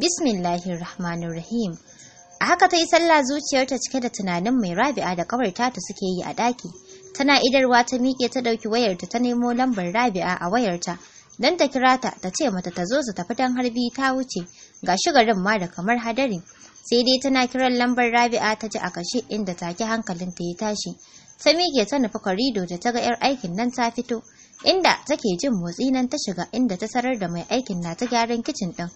bismillahir rahmanir rahim a haka ta yi sallah zuciyarta cike da tunanin mai rabi'a da kawarta ta suke yi a ɗaki tana idarwa ta miƙe ta ɗauki wayarta ta nemo lambar rabi'a a wayarta don ta kira ta ta ce mata ta zo su tafi dan harbi ta wuce ga garin ma da kamar hadari sai dai tana kiran lambar rabi'a ta ji a kashe inda hankalin ta ya tashi ta miƙe ta nufi korido da ta ga 'yar aikin nan ta fito inda take jin motsi nan ta shiga inda ta sarar da mai aikin na ta gyaran kicin ɗin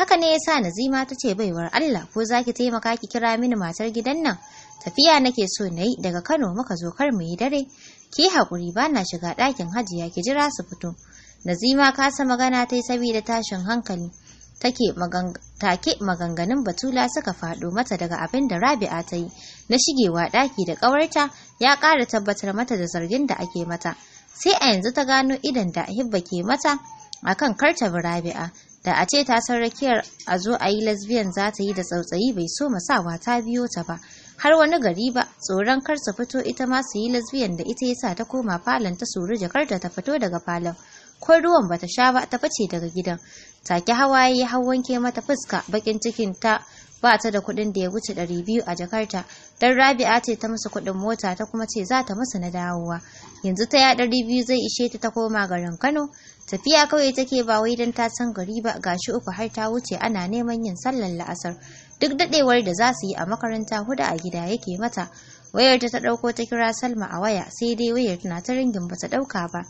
Haka ne yasa Nazima ta ce baiwar Allah ko zaki taimaka ki kira mini matar gidan nan. Tafiya nake so na yi daga Kano muka zo kar mu yi dare. Ki hakuri ba na shiga ɗakin hajiya ki jira su fito. Nazima kasa magana tai saboda tashin hankali. take take maganganun batula suka faɗo mata daga abin da rabi'a ta yi na shigewa ɗaki da ƙawarta ya ƙara tabbatar mata da zargin da ake mata sai a yanzu ta gano idan da hibba ke mata akan bi rabi'a da a ce ta san rakiyar a zo a yi lesbian za ta yi da tsautsayi bai so ma masawa ta biyo ta ba har wani gari ba tsoron kar su fito ita ma su yi lesbian da ita yasa ta koma falon ta suru jakar da ta fito daga falon ko ruwan bata sha ba ta fice daga gidan take hawaye ya wanke mata fuska bakin cikin ta ba ta da kuɗin da ya wuce ɗari biyu a jakarta dan rabi'a ce ta musu kuɗin mota ta kuma ce za ta musu na dawowa yanzu ta ya ɗari biyu zai ishe ta ta koma garin kano tafiya kawai take ba wai don ta san gari ba gashi uku har ta wuce ana neman yin sallar la'asar duk dadewar da za su yi a makaranta huda a gida yake mata wayar ta ɗauko ta kira salma a waya sai dai wayar tana ta ringin ba ta ɗauka ba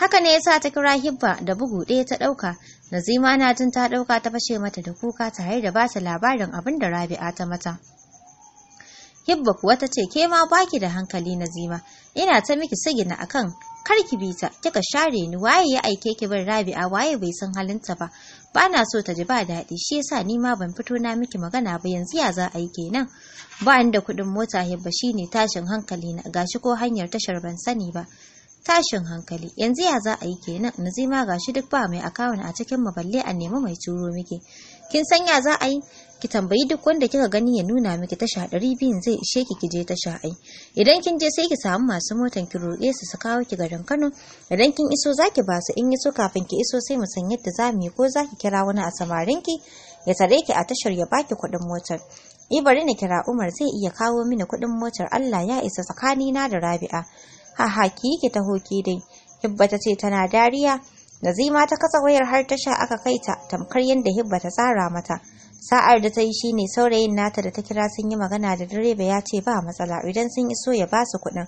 haka ne yasa ta kira hibba da bugu ɗaya ta ɗauka nazima na tun ta ɗauka ta fashe mata da kuka tare da ba ta labarin abin da rabi'a ta mata hibba kuwa ta ce ke ma baki da hankali nazima ina ta miki sigina akan kar ki bi ta kika share ni waye ya aike ki bin Rabi'a waye bai san halinta ba ba na so ta ji ba daɗi shi yasa ni ma ban fito na miki magana ba yanzu ya za a yi kenan ba ni da kuɗin mota hibba shine tashin hankali na gashi ko hanyar tashar ban sani ba tashin hankali yanzu ya za a yi kenan nazima gashi duk ba mai akawun a cikin mu balle a nemi mai turo miki kin san ya za a yi ki tambayi duk wanda kika gani ya nuna miki tasha ɗari biyun zai ishe ki kije tasha ai idan kin je sai ki samu masu motan ki roƙe su su kawo ki garin Kano idan kin iso zaki ba su in iso kafin ki iso sai mu san yadda za mu yi ko zaki kira wani a samarin ki ya tare ki a tashar ya baki kuɗin motar ni na kira Umar zai iya kawo mini kuɗin motar Allah ya isa tsakanina da Rabi'a ha ha ki ki taho ki dai Hibba ta ce tana dariya Nazima ta kasa wayar har tasha aka kai ta tamkar yadda Hibba ta tsara mata. sa'ar da ta yi shine saurayin nata da ta kira sun yi magana da direba ya ce ba matsala idan sun iso ya ba su kuɗin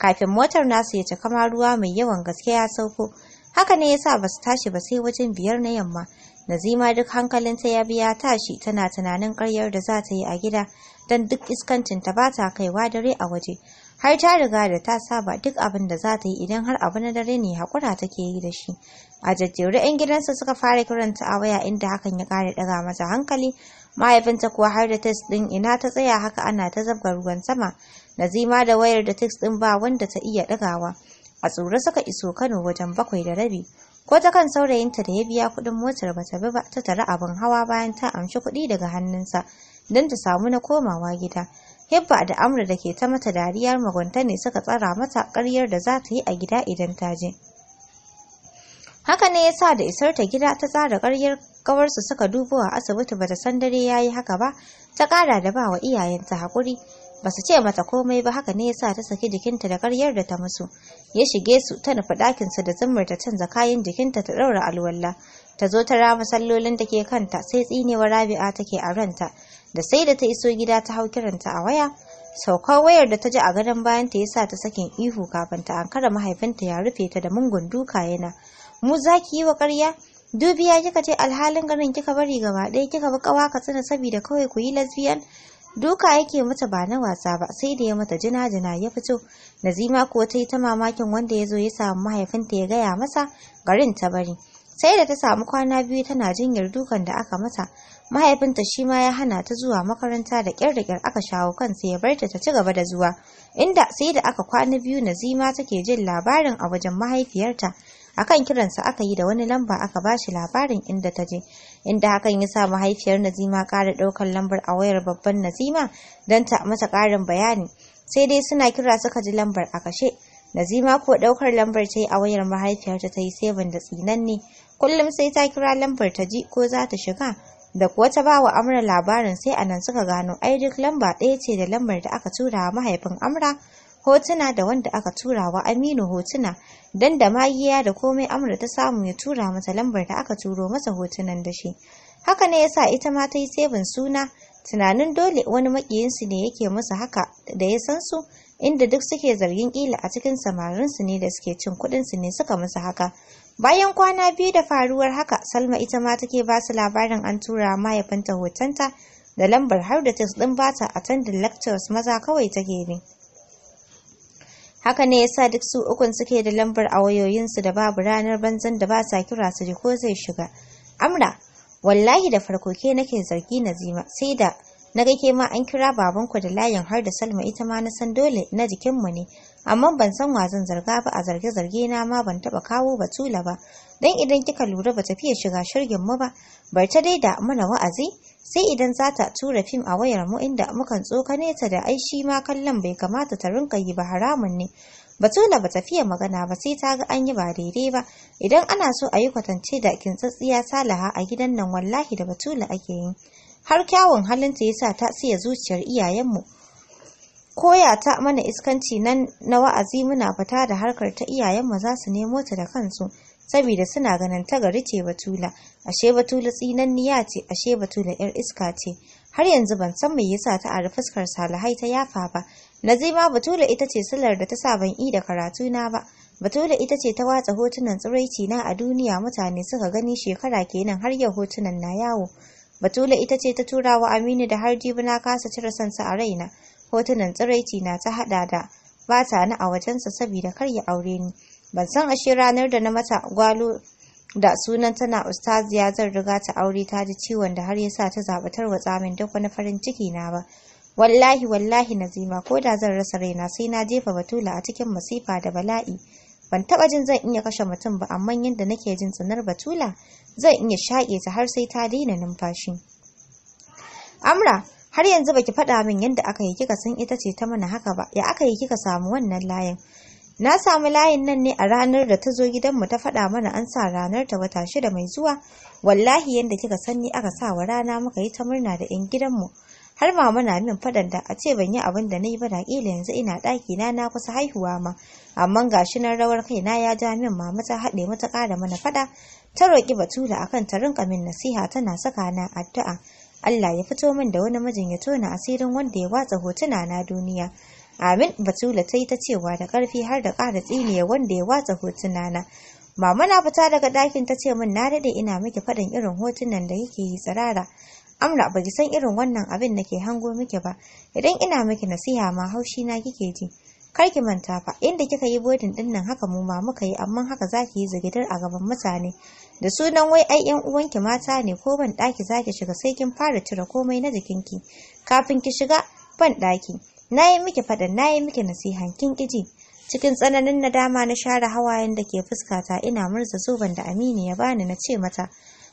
kafin motar nasu ya cika ruwa mai yawan gaske ya sauko haka ne yasa ba su tashi ba sai wajen biyar na yamma Nazima duk hankalin ta ya biya tashi tana tunanin karyar da za ta yi a gida don duk iskancin ta ba ta kaiwa dare a waje har ta riga da ta saba duk abin da za ta yi idan har abu na dare ne hakura take yi da shi a jajjere 'yan gidansa suka fara kiranta a waya inda hakan ya kare ɗaga masa hankali mahaifinta kuwa har da test ɗin ina ta tsaya haka ana ta zabga ruwan sama nazima da wayar da tes ɗin ba wanda ta iya ɗagawa a tsoro suka iso kano wajen bakwai da rabi ko ta kan saurayinta da ya biya kuɗin motar ba ta bi ba ta tara abin hawa bayan ta amshi kuɗi daga hannunsa don ta samu na komawa gida Hibba da Amra da ke ta mata dariyar mugunta ne suka tsara mata ƙaryar da za ta yi a gida idan ta je. Haka ne ya sa da isar ta gida ta tsara ƙaryar kawarsu suka dubo a asibiti bata san dare ya yi haka ba, ta ƙara da ba wa iyayenta haƙuri. Ba su ce mata komai ba haka ne ya sa ta saki jikinta da ƙaryar da ta musu. Ya shige su ta nufi ɗakinsu da zumar ta canza kayan jikinta ta ɗaura alwala. Ta zo ta rama sallolin da ke kanta sai tsinewar Rabi'a take a ranta. da sai da ta iso gida ta hau kiranta a waya saukar wayar da ta ji a gadon bayan ta yasa ta sakin ihu kafin ta ankara mahaifinta ya rufe ta da mungun duka yana mu za ki yi wa karya. dubiya kika ce alhalin garin kika bari gaba ɗaya kika bi ƙawa ka tsina saboda kawai ku yi lesbian duka yake mata ba na wasa ba sai da ya mata jina jina ya fito nazima kuwa ta yi ta mamakin wanda ya zo ya samu mahaifinta ya gaya masa garin ta bari sai da ta samu kwana biyu tana jinyar dukan da aka mata mahaifinta shi ma ya hana ta zuwa makaranta da ƙyar da ƙyar aka shawo kan sai ya barta ta ta ci gaba da zuwa inda sai da aka kwana biyu Nazima take jin labarin a wajen mahaifiyarta akan kiransa aka yi da wani lamba aka bashi labarin inda ta je inda hakan ya sa mahaifiyar Nazima ƙara ɗaukar lambar a wayar babban Nazima don ta mata ƙarin bayani sai dai suna kira suka ji lambar a kashe Nazima ko ɗaukar lambar ta yi a wayar mahaifiyarta ta yi seven da tsinanne kullum sai ta kira lambar ta ji ko za ta shiga da kuwa ta ba wa amra labarin sai anan suka gano ai duk lamba ɗaya ce da lambar da aka tura wa mahaifin amra hotuna da wanda aka tura wa aminu hotuna dan da magiya da komai amra ta samu ya tura mata lambar da aka turo masa hotunan da shi haka ne yasa ita ma ta yi sebin suna tunanin dole wani makiyinsu ne yake musu haka da ya san su inda duk suke zargin kila a cikin samarinsu ne da suke cin kuɗinsu ne suka musu haka Bayan kwana biyu da faruwar haka, Salma ita ma take ba su labarin an tura mahaifinta hotonta da lambar har da test ɗin bata a tandin lectures maza kawai take bi. Haka ne ya sa duk su ukun suke da lambar a wayoyinsu da babu ranar banzan da ba sa kira su ji ko zai shiga. Amra, wallahi da farko ke nake zargi na zima. sai da na ga ke ma an kira babanku da layin har da Salma ita ma na san dole na jikinmu ne. amma ban san wa zan zarga ba a zarge-zarge na ma ban taba kawo batula ba dan idan kika lura ba tafiya shiga shirgin mu ba bar ta daida mana wa'azi sai idan za ta tura fim a wayar mu inda mukan tsokane ta da ai shi ma kallon bai kamata ta rinka yi ba haramun ne batula ba tafiya magana ba sai ta ga an yi ba daidai ba idan ana so a yi kwatance da kintsatsiya salaha a gidan nan wallahi da batula ake yi har kyawun halinta yasa ta siya zuciyar iyayenmu koya ta mana iskanci nan na wa'azi muna fata da harkar ta iyayen za su nemo ta da kansu saboda suna ganin ta gari ce batula ashe batula tsinanniya ce ashe batula yar iska ce har yanzu ban san me yasa ta ari fuskar salihai ta yafa ba nazima batula ita ce silar da ta sa ban yi da karatu na ba batula ita ce ta watsa hotunan tsiraici na a duniya mutane suka gani shekara kenan har yau hotunan na yawo batula ita ce ta turawa aminu da har jibi na kasa cire sansa a raina hotunan tsiraici na ta haɗa da bata ni a wajensa saboda kar ya aure ni ban san ashe ranar da na mata gwalo da sunan tana ustaziya zan riga ta aure ta ji ciwon da har ya sa ta zabatar wa tsamin duk wani farin ciki na ba wallahi wallahi nazima ko da zan rasa raina sai na jefa batula a cikin masifa da bala'i ban taba jin zan iya kashe mutum ba amma yadda nake jin tsanar batula zan iya shaƙe ta har sai ta daina numfashi amra har yanzu baki faɗa min yadda aka yi kika san ita ce ta mana haka ba ya aka yi kika samu wannan layin na samu layin nan ne a ranar da ta zo gidanmu ta faɗa mana an sa ranar ta wata shida mai zuwa wallahi yadda kika san ni aka sa wa rana muka yi ta murna da 'yan gidanmu har ma na min fadan da a ce ban yi abin da na yi ba da kila yanzu ina ɗaki na na kusa haihuwa ma amma gashi nan rawar kai na ya ja min ma mata haɗe mu ta ƙara mana faɗa? ta roƙi batula akan ta rinka min nasiha tana saka na addu'a Allah ya fito min da wani mijin ya tona asirin wanda ya watsa hotuna na duniya. Amin Batula ta yi ta cewa da ƙarfi har da ƙara tsiniya wanda ya watsa hotuna na. Mama na fita daga ɗakin ta ce min na daɗe ina miki faɗin irin hotunan da yake yi tsirara. Amra ba san irin wannan abin nake hango miki ba. Idan ina miki nasiha ma haushi na kike ji. Kar ki manta fa inda kika yi bodin ɗin nan haka mu ma muka yi amma haka zaki yi zigidar a gaban mutane. da sunan wai ai yan uwanki mata ne ko ban daki zaki shiga sai kin fara cire komai na jikinki kafin ki shiga ban daki nayi miki fada nayi miki nasihan kin kiji cikin tsananin nadama na share hawayen da ke fuskata ina murza zuban da Aminu ya bani na ce mata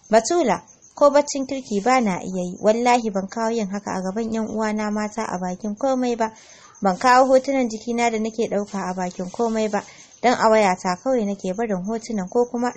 Batula ko baccin kirki ba na iya yi wallahi ban kawo yin haka a gaban yan uwana mata a bakin komai ba ban kawo hotunan jikina da nake ɗauka a bakin komai ba dan a wayata kawai nake barin hotunan ko kuma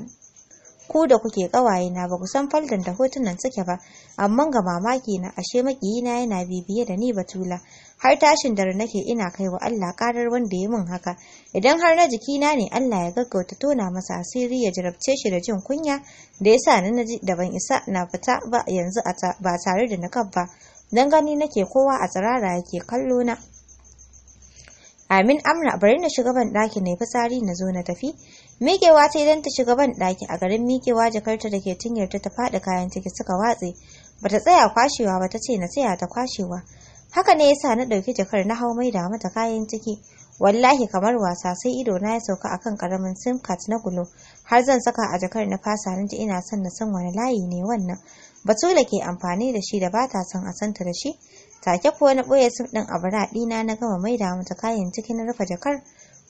ku da kuke kawaye na ba ku san faldan da hotunan suke ba amma ga mamaki na ashe makiyina yana bibiye da ni batula har tashin dare nake ina kai wa Allah karar wanda ya min haka idan har na jiki na ne Allah ya gaggauta tona masa asiri ya jarabce shi da jin kunya da yasa na naji da ban isa na fita ba yanzu a ba tare da nakab ba dan gani nake kowa a tsirara yake kallo na Amin Amra bari na shiga ban daki na yi fitsari na zo na tafi Mikewa ta idan ta shiga ban a garin Mikewa jakarta da ke tinyarta ta faɗi kayan ciki suka watse. Bata tsaya kwashewa ba ta ce na tsaya ta kwashewa. Haka ne yasa na ɗauki jakar na hau mai da mata kayan ciki. Wallahi kamar wasa sai ido na ya sauka akan karamin sim card na gulo har zan saka a jakar na fasa na ji ina son na san wani layi ne wannan. Batula ke amfani da shi da ba ta son a santa da shi. Take kuwa na ɓoye sim ɗin a bara ɗina na gama mai da mata kayan ciki na rufe jakar.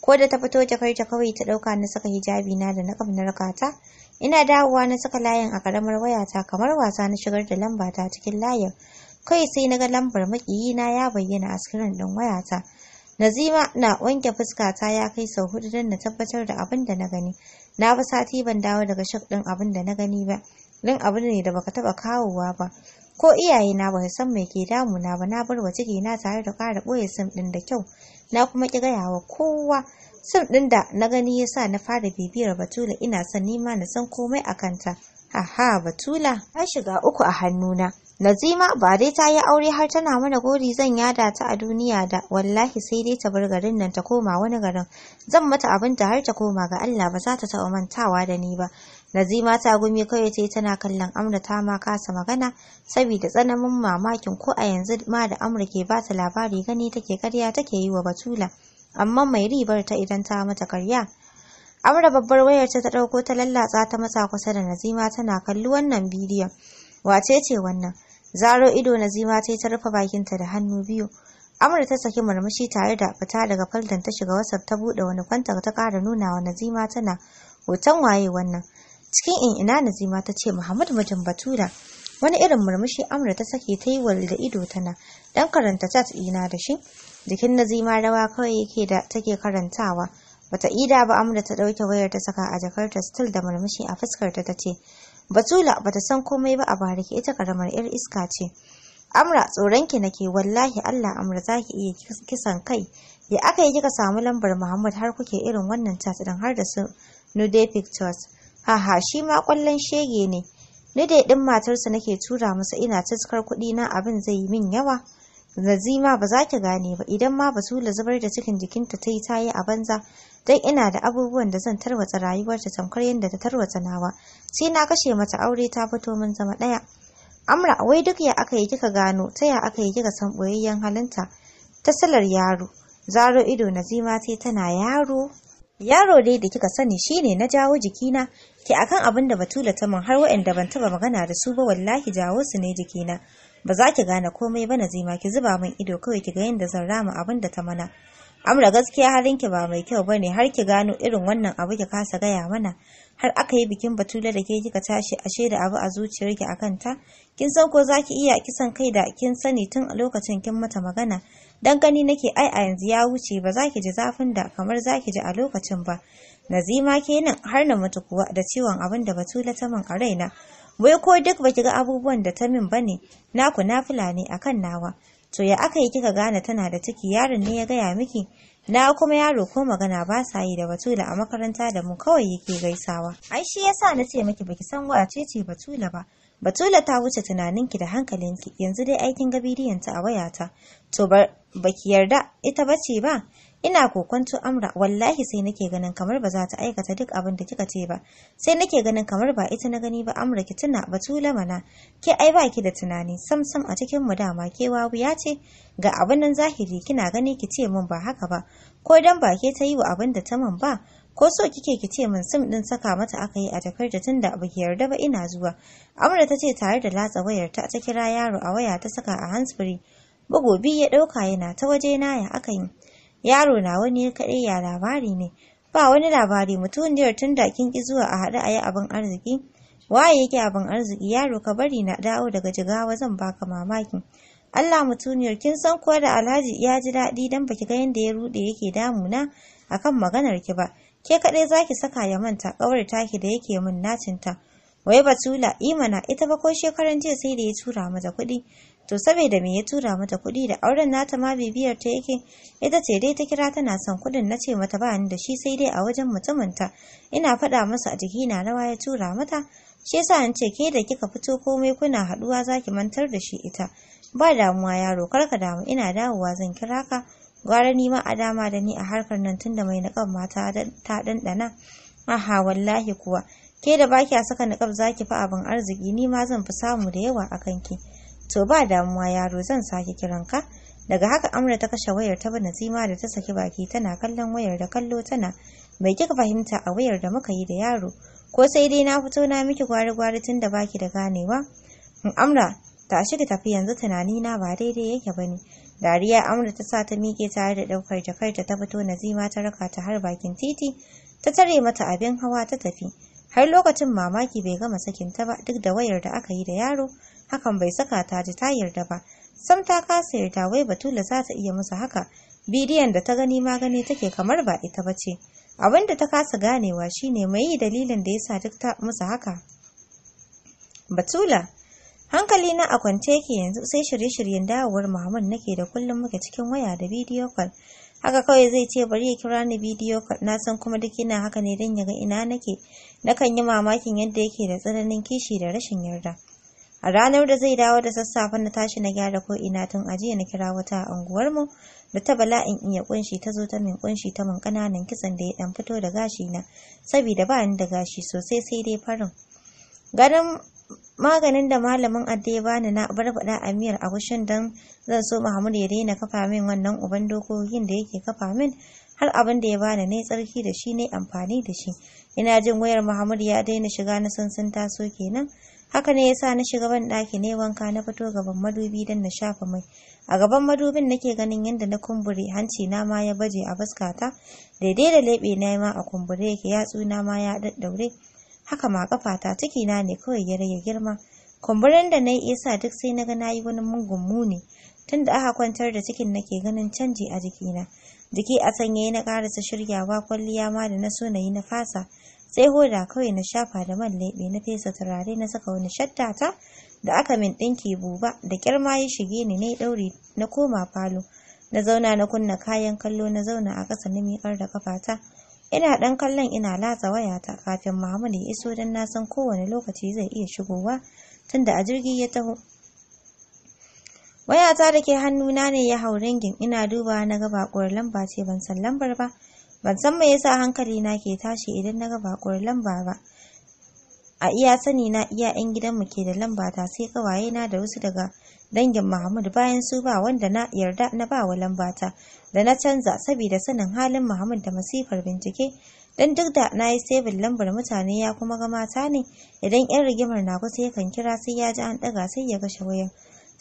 ko da ta fito ta kawai ta ɗauka na saka hijabi na da na kam na rakata ina dawowa na saka layin a karamar wayata kamar wasa na shigar da lamba ta cikin layin kai sai na ga lambar na ya bayyana a ɗin wayata Nazima na wanke fuskata ya kai sau hudu don na tabbatar da abin da na gani. Na bi sati ban dawo daga shak ɗin abin da na gani ba, Din abu ne da baka taba kawowa ba. ko iyaye na ba san mai ke damu na ba na bar wa na tare da ƙara ɓoye sim ɗin da kyau na kuma ƙi gaya wa kowa sim ɗin da na gani ya sa na fara bibiyar batula ina son nima na san komai a kanta haha batula ta shiga uku a hannuna Nazima ba dai ta yi aure har tana mana gori zan yada ta a duniya da wallahi sai dai ta bar garin nan ta koma wani garin zan mata abin da har ta koma ga Allah ba za ta taɓa mantawa da ni ba Nazima ta gumi kawai ta tana kallon Amra ta ma kasa magana saboda tsananin mamakin ko a yanzu ma da Amra ke ba ta labari gani take karya take yi wa Batula amma mai ribar ta idan ta mata karya. Amra babbar wayar ta ta ɗauko ta lallatsa ta masa kusa da Nazima tana kallo wannan bidiyon. Wace ce wannan? Zaro ido Nazima ta ta rufe bakinta da hannu biyu. Amra ta saki murmushi tare da fita daga faldan ta shiga WhatsApp ta buɗe wani kwanta ta ƙara nuna wa Nazima tana hoton waye wannan. cikin in ina nazima ta ce muhammad Majan batura wani irin murmushi amra ta sake ta yi da ido tana dan karanta chat ina da shi jikin nazima rawa kawai yake da take karantawa bata ida ba amra ta dauke wayar ta saka a jakarta still da murmushi a fuskar ta tace batula bata san komai ba a bariki ita karamar yar iska ce amra tsoronki ki nake wallahi Allah amra zaki iya kisan kai ya aka yi kika samu lambar Muhammad har kuke irin wannan chat din har da su nude pictures Aha, shi ma ƙwallon shege ne. Ni dai ɗin matarsa nake tura masa ina taskar kuɗi na abin zai yi min yawa. Nazima ba za ki gane ba idan ma Basula zubar da cikin jikinta ta yi ta yi a banza dan ina da abubuwan da zan tarwatsa ta tamkar yadda ta tarwatsa nawa sai na kashe mata aure ta fito min zama ɗaya. Amra wai duk ya aka yi kika gano ta ya aka yi kika san boyayyen halinta ta salar yaro zaro ido na zima sai tana yaro yaro dai da kika sani shine na jawo jikina Ke akan abin da Batula ta min har waɗanda ban taba magana da su ba wallahi jawo su ne jikina. Ba za ki gane komai ba Nazima ki zuba min ido kawai ki ga yadda zan rama abin da ta mana. Amra gaskiya halin ki ba mai kyau bane har ki gano irin wannan abu ki kasa gaya mana. Har aka yi bikin Batula da ke kika tashi ashe da abu a zuciyarki akan ta. Kin san ko zaki iya kisan kai da kin sani tun a lokacin kin mata magana. Dan gani nake ai a yanzu ya wuce ba za ki ji zafin da kamar za ki ji a lokacin ba. Nazima kenan har na mutu kuwa da ciwon abin da Batula ta min a raina. Wai ko duk baki ga abubuwan da ta min bane, naku na fulani akan nawa. To ya aka yi kika gane tana da ciki yaron ne ya gaya miki? Na kuma yaro ko magana ba sa yi da Batula a makaranta da mu kawai yake gaisawa. Ai shi yasa na ce miki baki san wa ce Batula ba. Batula ta wuce tunaninki da hankalinki yanzu dai aikin gabidiyanta a wayata. To baki yarda ita bace ba? ina kokonto amra wallahi sai nake ganin kamar ba za ta aikata duk abin da kika ce ba sai nake ganin kamar ba ita na gani ba amra ki tuna batula mana ke ai ba ki da tunani samsam a cikin mu dama ke ya ce ga abin nan zahiri kina gani ki ce min ba haka ba ko dan ba ke ta yi wa abin da ta min ba ko so kike ki ce min sim din saka mata aka yi a jakar da tunda ba ki yarda ba ina zuwa amra ta ce tare da latsa wayarta ta kira yaro a waya ta saka a handsfree bugu biyu ya dauka yana ta waje na ya aka yi yaro na wani ya kaɗai ya labari ne ba wani labari mutuniyar tun da kin ki zuwa a haɗu a yi abin arziki waye yake abin arziki yaro ka bari na dawo daga jigawa zan baka mamakin Allah mutuniyar kin san kuwa da Alhaji ya ji daɗi dan baki ga yanda ya rude yake na akan maganar ki ba ke kaɗai zaki saka ya manta kawar taki da yake min nacinta wai batula imana ita ba ko shekaran jiya sai da ya tura mata kuɗi to saboda me ya tura mata kuɗi da auren nata ma bibiyar ta yake ita ce dai ta kira tana son kuɗin na ce mata ba ni da shi sai dai a wajen mutuminta ina faɗa masa a jiki na rawa ya tura mata shi yasa an ce ke da kika fito komai kuna haɗuwa zaki mantar da shi ita ba damuwa yaro kar ka damu ina dawowa zan kira ka gwara ni ma a dama da ni a harkar nan tun da mai niƙan mata ta ɗanɗana aha wallahi kuwa ke da baki a saka niƙab zaki fi abin arziki ni ma zan fi samu da yawa a kanki. To ba damuwa yaro zan sake kiranka. Daga haka Amra ta kashe wayar ta zima da ta saki baki tana kallon wayar da kallo tana Bai kika fahimta a wayar da muka yi da yaro. Ko sai dai na fito na miki gwari-gwari tun da baki da ganewa. Amra tashi ki tafi yanzu tunani na ba daidai yake bane. Dariya Amra ta sa ta mike tare da daukar jakarta ta fito Nazima ta raka ta har bakin titi ta tare mata abin hawa ta tafi. Har lokacin mamaki bai gama sakinta ba duk da wayar da aka yi da yaro. hakan bai saka ta ji ta yarda ba sam ta kasa yarda wai batula za ta iya masa haka bidiyon da ta gani magani gani take kamar ba ita ba ce abin da ta kasa ganewa shine mai yi dalilin da yasa duk ta musu haka batula hankali na a kwance yake yanzu sai shirye-shiryen dawowar muhammad nake da kullum muke cikin waya da bidiyo kwal haka kawai zai ce bari ya kira ni bidiyo na san kuma duk ina haka ne don ya ga ina nake nakan yi mamakin yadda yake da tsananin kishi da rashin yarda A ranar da zai dawo da sassafe na tashi na gyara ko ina tun ajiya na kira wata a unguwarmu da ta bala'in iya kunshi ta zo ta min kunshi ta min kananan kitsan da ya dan fito da gashi na saboda ba ni da gashi sosai sai dai farin. Ganin maganin da malamin addai ba bani na barbada a miyar agushin don zan so Muhammad ya daina kafa min wannan uban dokokin da yake kafa min har abin da ya bani ne tsarki da shi ne amfani da shi ina jin wayar Muhammad ya daina shiga na sansan taso kenan haka ne ya sa na shiga ban ɗaki ne wanka na fito gaban madubi don na shafa mai a gaban madubin nake ganin yadda na kumbure hanci na ma ya baje a fuskata daidai da leɓe na ma a kumbure yake yatsu na ma ya daddaure haka ma kafata ciki na ne kawai ya rage girma kumburin da na yi isa duk sai na ga na yi wani mungun muni tunda aka kwantar da cikin nake ganin canji a jikina jiki a sanye na karasa shiryawa kwalliya ma da na so na yi na fasa sai hoda kawai na shafa da man leɓe na fesa turare na saka wani shaddata da aka min ɗinki buba da kyarma ya shige ni ne ɗauri na koma falo na zauna na kunna kayan kallo na zauna a ƙasa na miƙar da kafata ina ɗan kallon ina latsa wayata kafin Muhammad ya iso don na san kowane lokaci zai iya shigowa tunda a jirgi ya taho wayata da ke hannuna ne ya hau ringin ina dubawa na ga bakuwar lamba ce ban san lambar ba ban san me yasa hankali na ke tashi idan na ga bakuwar lamba ba a iya sani na iya yan mu ke da lamba ta sai kawaye na da wasu daga dangin Muhammad bayan su ba wanda na yarda na ba wa lamba ta da na canza saboda sanin halin Muhammad da masifar bincike dan duk da na yi sebin lambar mutane ya kuma ga mata ne idan yan rigimar na kusa yakan kira sai ya ji an daga sai ya kashe wayan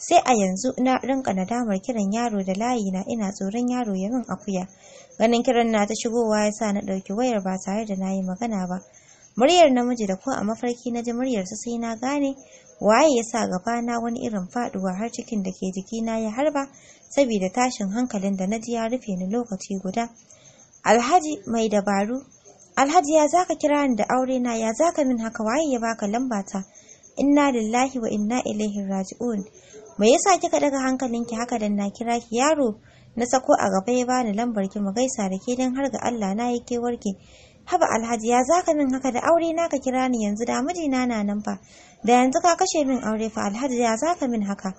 sai a yanzu na rinka nadamar kiran yaro da layi na ina tsoron yaro ya min akuya ganin kiran na ta shigowa ya sa na ɗauki wayar ba tare da na yi magana ba muryar namiji da ko a mafarki na ji muryarsa sai na gane waye ya sa gaba na wani irin faduwa har cikin da ke jiki na ya harba saboda tashin hankalin da na ji ya rufe ni lokaci guda alhaji mai dabaru alhaji ya zaka kira ni da aure na ya zaka min haka waye ya baka lambata inna lillahi wa inna ilaihi raji'un me yasa kika daga hankalinki haka dan na kira ki yaro na sako a gaba ya bani lambar ki mu gaisa da ke dan har ga Allah na yi kewarki haba alhaji ya zaka min haka da aure na ka kira ni yanzu da mijina na nan fa da yanzu ka kashe min aure fa alhaji ya zaka min haka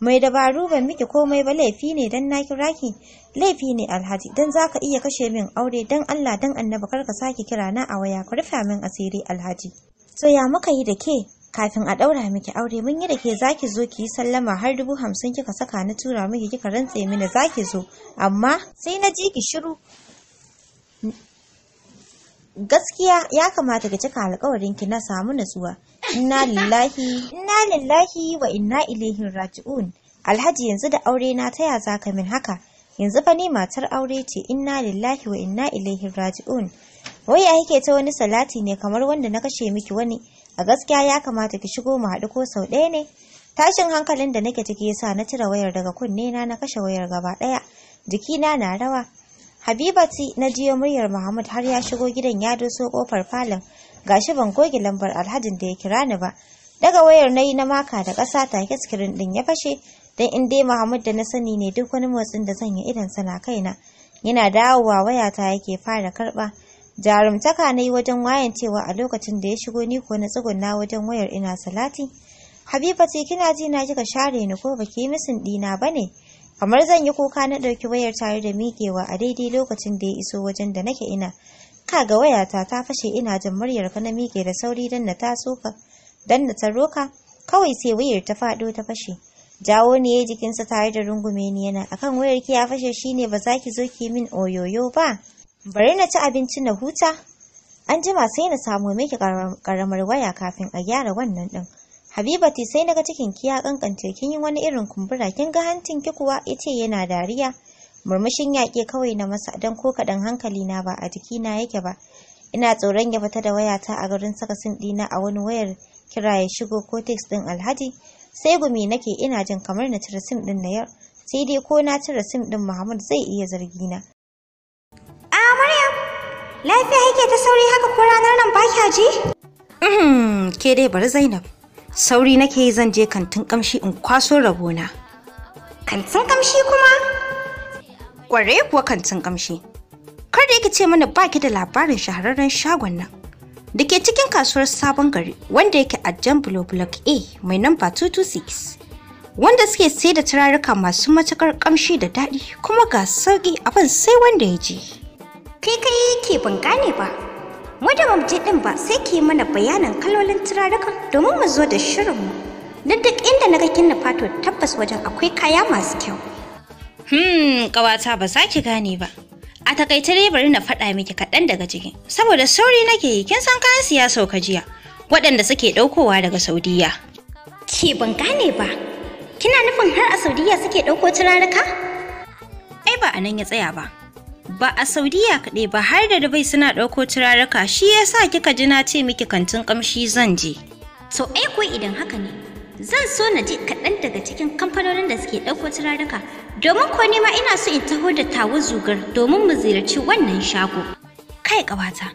mai dabaru ban miki komai ba laifi ne dan na kira ki laifi ne alhaji dan zaka iya kashe min aure dan Allah dan annabi kar ka sake kira na a waya ka rufa min asiri alhaji so ya muka yi da ke kafin a ɗaura miki aure mun yi da ke zaki zo ki yi sallama har dubu hamsin kika saka na tura miki kika rantse mini zaki zo amma sai na ji ki shiru gaskiya ya kamata ka cika alƙawarin ki na samu natsuwa inna lillahi inna lillahi wa inna ilaihi raji'un alhaji yanzu da aure na taya zaka min haka yanzu fa ni matar aure ce inna lillahi wa inna ilaihi raji'un wai ai ta wani salati ne kamar wanda na kashe miki wani a gaskiya ya kamata ki shigo mu haɗu ko sau ɗaya ne tashin hankalin da nake ciki yasa na cire wayar daga kunne na na kashe wayar gaba ɗaya jiki na na rawa habibati na jiyo muryar muhammad har ya shigo gidan ya doso kofar falon Ga shi ban goge lambar alhajin da ya kira ni ba daga wayar nayi na maka da ƙasa take sikirin ɗin ya fashe dan in dai muhammad da na sani ne duk wani motsin da zan yi idan sana kaina yana dawowa wayata yake fara karɓa. jarumtaka na yi wajen wayancewa a lokacin da ya shigo ni ko na tsuguna wajen wayar ina salati habiba ce kina ji na kika share ni ko baki misin dina bane kamar zan yi kuka na ɗauki wayar tare da miƙewa a daidai lokacin da ya iso wajen da nake ina kaga wayata ta fashe ina jin muryar ka na miƙe da sauri dan na taso ka dan na taro ka kawai sai wayar ta faɗo ta fashe jawo ne ya jikinsa tare da rungume ni yana akan wayar ki ya fashe shine ba za ki zo ki min oyoyo ba bari na ci abinci na huta an jima sai na samu miki karamar waya kafin a gyara wannan din habibati sai naga cikin ki ya kankance kin yi wani irin kumbura kin ga hantin ki kuwa yace yana dariya murmushin yake kawai na masa dan ko kaɗan hankali na ba a jikina yake ba ina tsoron ya fita da wayata a garin saka sim ɗina a wani wayar kira ya shigo ko text ɗin alhaji sai gumi nake ina jin kamar na cire sim ɗin na yau sai dai ko na cire sim ɗin muhammad zai iya zargi na Lafiya yake ta sauri haka ko ranar nan ba kya ji? Uhm, ke dai bari Zainab. Sauri nake yi zan je kantin kamshi in kwaso rabona. Kantin kamshi kuma? Kware kuwa kantin kamshi. Kar da yake ce mana baki da labarin shahararren shagon nan. Da cikin kasuwar sabon gari wanda yake a Jan Block A mai namba 226. wanda suke sai da turaruka masu matuƙar ƙamshi da daɗi kuma ga sauƙi abin sai wanda ya je. kai kai ke ban gane ba wadda mamji din ba sai ke mana bayanan kalolin turarukan domin mu zo da shirinmu don duk inda na ga kinna fato tabbas wajen akwai kaya masu kyau hmm kawata ba za ki gane ba a takaice dai bari na faɗa miki kaɗan daga ciki saboda sauri nake yi kin san kayan siya sauka jiya waɗanda suke ɗaukowa daga saudiya ke ban gane ba kina nufin har a saudiya suke ɗauko turaruka ai ba a nan ya tsaya ba ba a saudiya kaɗai ba har da dubai suna ɗauko turaruka shi yasa kika ji na ce miki kantin ƙamshi zan je to ai ko idan haka ne zan so na ji kaɗan daga cikin kamfanonin da suke ɗauko turaruka domin ko nema ina so in taho da tawo zugar domin mu ziyarci wannan shago kai ƙawata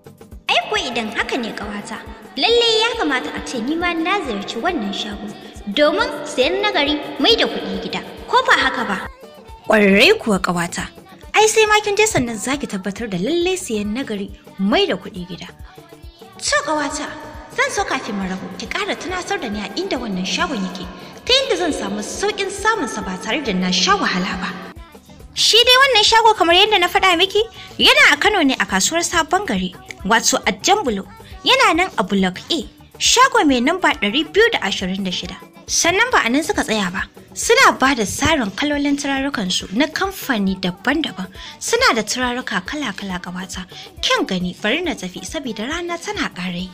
Ai ko idan haka ne kawata lalle ya kamata a ce ni ma na ziyarci wannan shago domin sayan nagari mai da kuɗi gida, ko ba haka ba. Ƙwararrai kuwa ƙawata, ai sai ma kin je sannan za ki tabbatar da lalle sayan nagari mai da kuɗi gida. To ƙawata, zan so kafin mu rabu ki ƙara tunasar da ni a inda wannan shagon yake, ta yadda zan samu sauƙin samunsa ba tare da na sha wahala ba. Shi dai wannan shago kamar yadda na faɗa miki yana a Kano ne a kasuwar sabon gari wato a Jambulo yana nan a Block A shago mai namba 226. Sannan ba a nan suka tsaya ba, suna ba da tsarin kalolin turarukansu na kamfani daban-daban suna da turaruka kala-kala gabata kyan gani bari na tafi saboda rana tana ƙarai.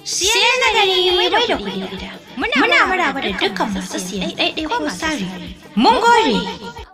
Siyan na gani mai da kuɗi gida, muna muraba da dukkan masu siyan ɗaiɗai ko tsari. Mun gore!